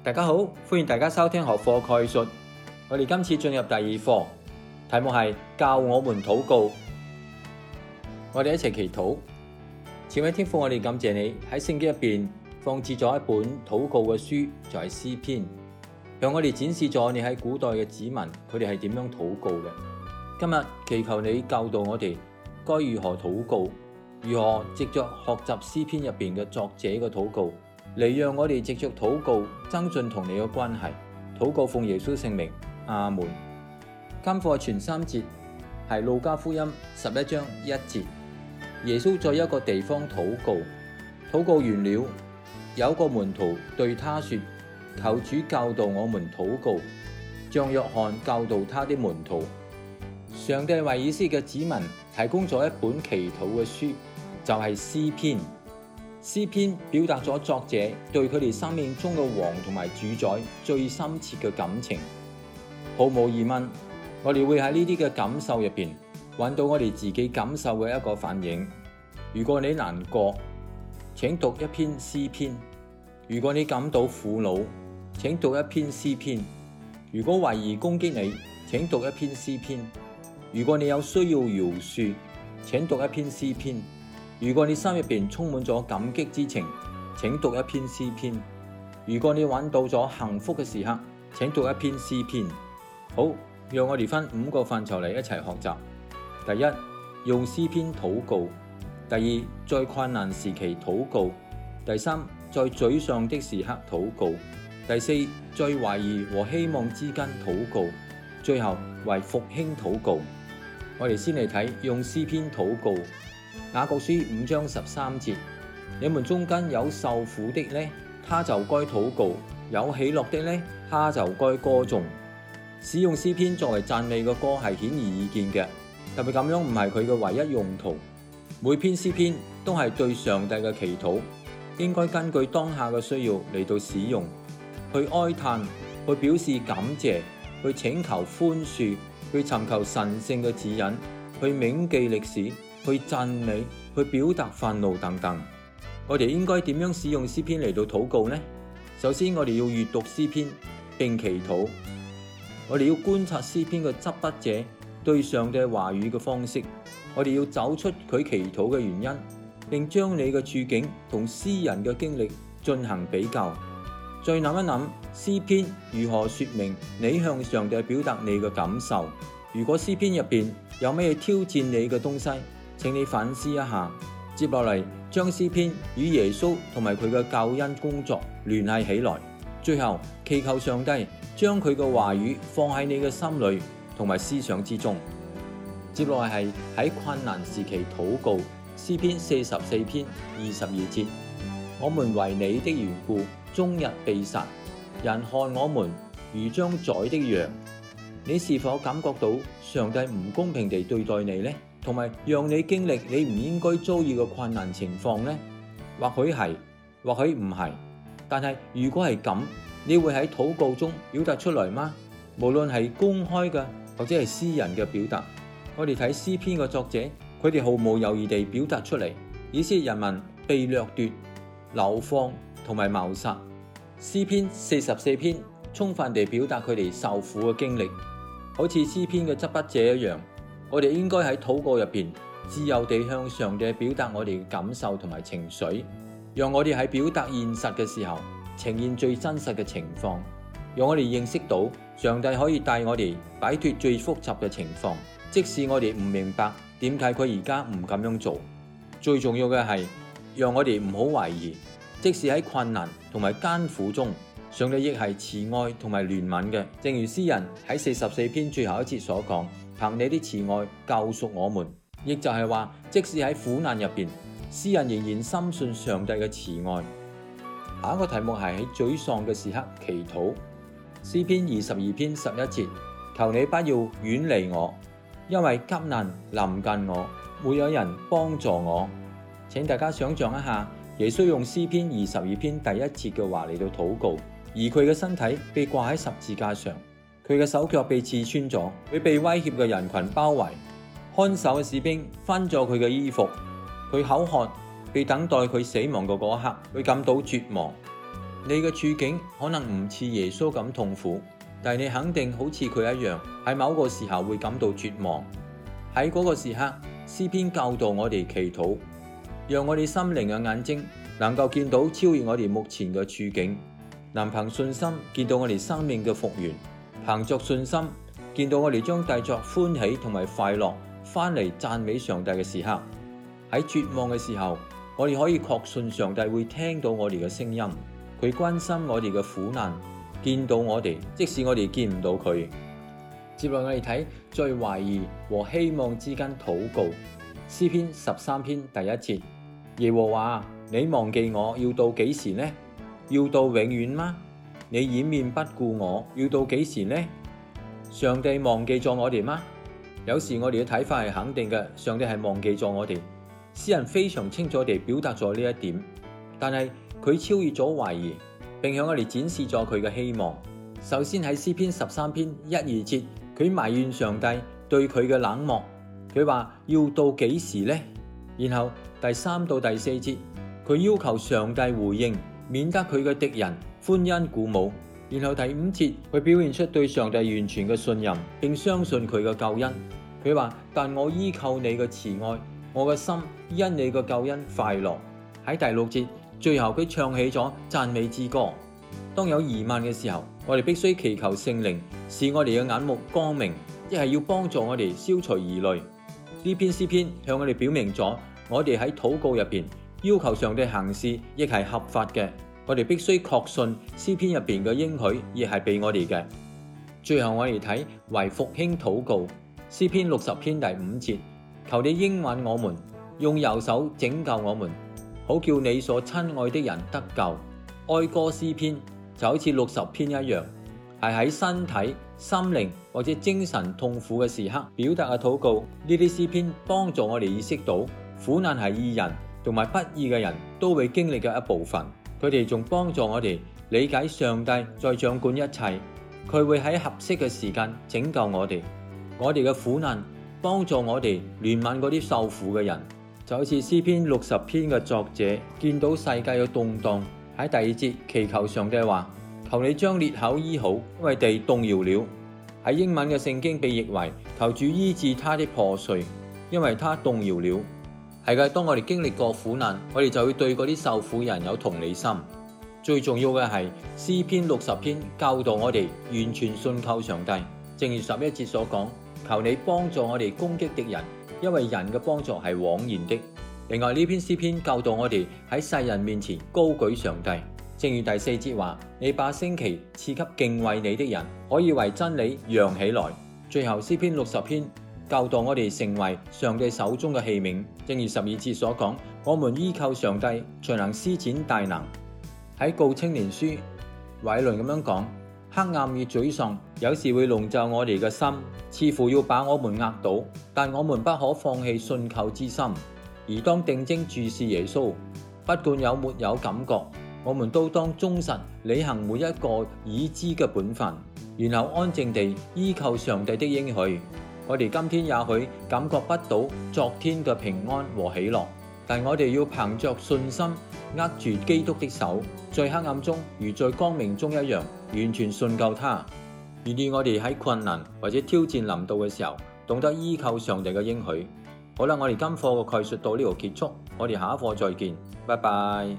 大家好，歡迎大家收聽學課概述。我哋今次進入第二課，題目係教我們禱告。我哋一齊祈禱。前位天父，我哋感謝你喺聖經入邊放置咗一本禱告嘅書，就係詩篇，向我哋展示咗你喺古代嘅子民，佢哋係點樣禱告嘅。今日祈求你教導我哋該如何禱告，如何藉着學習詩篇入面嘅作者嘅禱告。嚟讓我哋藉著禱告增進同你嘅關係，禱告奉耶穌聖名，阿門。今課前三節係路加福音十一章一節，耶穌在一個地方禱告，禱告完了，有個門徒對他說：求主教導我們禱告，像約翰教導他的門徒。上帝維爾斯嘅子民提供咗一本祈禱嘅書，就係、是、詩篇。詩篇表達咗作者對佢哋生命中嘅王同埋主宰最深切嘅感情，毫無疑問，我哋會喺呢啲嘅感受入邊揾到我哋自己感受嘅一個反應。如果你難過，請讀一篇詩篇；如果你感到苦惱，請讀一篇詩篇；如果懷疑攻擊你，請讀一篇詩篇；如果你有需要饒恕，請讀一篇詩篇。如果你心入邊充滿咗感激之情，請讀一篇詩篇；如果你揾到咗幸福嘅時刻，請讀一篇詩篇。好，讓我哋分五個範疇嚟一齊學習：第一，用詩篇禱告；第二，在困難時期禱告；第三，在沮喪的時刻禱告；第四，在懷疑和希望之間禱告；最後為復興禱告。我哋先嚟睇用詩篇禱告。雅各書五章十三節：你們中間有受苦的呢，他就該禱告；有喜樂的呢，他就該歌頌。使用詩篇作為讚美嘅歌係顯而易見嘅，特別咁樣唔係佢嘅唯一用途。每篇詩篇都係對上帝嘅祈禱，應該根據當下嘅需要嚟到使用，去哀嘆，去表示感謝，去請求寬恕，去尋求神聖嘅指引，去銘記歷史。去讚美、去表達憤怒等等，我哋應該點樣使用詩篇嚟到禱告呢？首先，我哋要閱讀詩篇，並祈禱。我哋要觀察詩篇嘅執筆者對上帝話語嘅方式。我哋要走出佢祈禱嘅原因，並將你嘅處境同詩人嘅經歷進行比較。再諗一諗詩篇如何說明你向上帝表達你嘅感受。如果詩篇入邊有咩挑戰你嘅東西？請你反思一下，接落嚟將詩篇與耶穌同埋佢嘅教恩工作聯繫起來。最後祈求上帝將佢嘅話語放喺你嘅心裏同埋思想之中。接落嚟係喺困難時期禱告，詩篇四十四篇二十二節：我們為你的緣故終日被殺，人看我們如將宰的羊。你是否感覺到上帝唔公平地對待你呢？同埋，和讓你經歷你唔應該遭遇嘅困難情況呢？或許係，或許唔係。但係如果係咁，你會喺禱告中表達出來嗎？無論係公開嘅，或者係私人嘅表達，我哋睇詩篇嘅作者，佢哋毫無猶豫地表達出嚟，意思係人民被掠奪、流放同埋謀殺。詩篇四十四篇，充分地表達佢哋受苦嘅經歷，好似詩篇嘅執筆者一樣。我哋應該喺禱告入邊自由地向上帝表達我哋嘅感受同埋情緒，讓我哋喺表達現實嘅時候呈現最真實嘅情況，讓我哋認識到上帝可以帶我哋擺脫最複雜嘅情況，即使我哋唔明白點解佢而家唔咁樣做。最重要嘅係讓我哋唔好懷疑，即使喺困難同埋艱苦中。上帝亦係慈愛同埋憐憫嘅，正如詩人喺四十四篇最後一節所講，憑你的慈愛救贖我們，亦就係話即使喺苦難入邊，詩人仍然深信上帝嘅慈愛。下一個題目係喺沮喪嘅時刻祈禱，詩篇二十二篇十一節，求你不要遠離我，因為急難臨近我，沒有人幫助我。請大家想象一下，耶穌用詩篇二十二篇第一節嘅話嚟到禱告。而佢嘅身體被掛喺十字架上，佢嘅手腳被刺穿咗，佢被，被威脅嘅人群包圍，看守嘅士兵分咗佢嘅衣服，佢口渴，被等待佢死亡嘅嗰一刻，會感到絕望。你嘅處境可能唔似耶穌咁痛苦，但係你肯定好似佢一樣，喺某個時候會感到絕望。喺嗰個時刻，詩篇教導我哋祈禱，讓我哋心靈嘅眼睛能夠見到超越我哋目前嘅處境。能憑信心見到我哋生命嘅復原，憑着信心見到我哋將帶著歡喜同埋快樂翻嚟讚美上帝嘅時刻。喺絕望嘅時候，我哋可以確信上帝會聽到我哋嘅聲音，佢關心我哋嘅苦難，見到我哋即使我哋見唔到佢。接落我哋睇最懷疑和希望之間禱告詩篇十三篇第一節：耶和華，你忘記我要到幾時呢？要到永遠嗎？你掩面不顧我，要到幾時呢？上帝忘記咗我哋嗎？有時我哋嘅睇法係肯定嘅，上帝係忘記咗我哋。詩人非常清楚地表達咗呢一點，但係佢超越咗懷疑，並向我哋展示咗佢嘅希望。首先喺詩篇十三篇一二節，佢埋怨上帝對佢嘅冷漠，佢話，要到幾時呢？然後第三到第四節，佢要求上帝回應。免得佢嘅敵人歡欣鼓舞。然後第五節，佢表現出對上帝完全嘅信任，並相信佢嘅救恩。佢話：但我依靠你嘅慈愛，我嘅心因你嘅救恩快樂。喺第六節，最後佢唱起咗讚美之歌。當有疑問嘅時候，我哋必須祈求聖靈，使我哋嘅眼目光明，即係要幫助我哋消除疑慮。呢篇詩篇向我哋表明咗，我哋喺禱告入邊。要求上帝行事亦係合法嘅，我哋必須確信詩篇入邊嘅應許亦係俾我哋嘅。最後我哋睇為復興禱告詩篇六十篇第五節，求你應允我們，用右手拯救我們，好叫你所親愛的人得救。哀歌詩篇就好似六十篇一樣，係喺身體、心靈或者精神痛苦嘅時刻表達嘅禱告。呢啲詩篇幫助我哋意識到苦難係二人，同埋不義嘅人都會經歷嘅一部分，佢哋仲幫助我哋理解上帝再掌管一切，佢會喺合適嘅時間拯救我哋。我哋嘅苦難幫助我哋憐憫嗰啲受苦嘅人，就好似詩篇六十篇嘅作者見到世界嘅動盪喺第二節祈求上帝的話：求你將裂口醫好，因為地動搖了。喺英文嘅聖經被譯為求主醫治他的破碎，因為他動搖了。係嘅，當我哋經歷過苦難，我哋就會對嗰啲受苦人有同理心。最重要嘅係詩篇六十篇教導我哋完全信靠上帝，正如十一節所講，求你幫助我哋攻擊敵人，因為人嘅幫助係枉然的。另外呢篇詩篇教導我哋喺世人面前高舉上帝，正如第四節話，你把旌旗賜給敬畏你的人，可以為真理揚起來。最後詩篇六十篇。教導我哋成為上帝手中嘅器皿，正如十二節所講，我們依靠上帝才能施展大能在。喺告青年書，偉倫咁樣講：黑暗與沮喪有時會籠罩我哋嘅心，似乎要把我們壓倒，但我們不可放棄信靠之心，而當定睛注視耶穌。不管有沒有感覺，我們都當忠實履行每一個已知嘅本分，然後安靜地依靠上帝的應許。我哋今天也許感覺不到昨天嘅平安和喜樂，但我哋要憑着信心握住基督的手，在黑暗中如在光明中一樣，完全信靠他。願意我哋喺困難或者挑戰臨到嘅時候，懂得依靠上帝嘅應許。好啦，我哋今課嘅概述到呢度結束，我哋下一課再見，拜拜。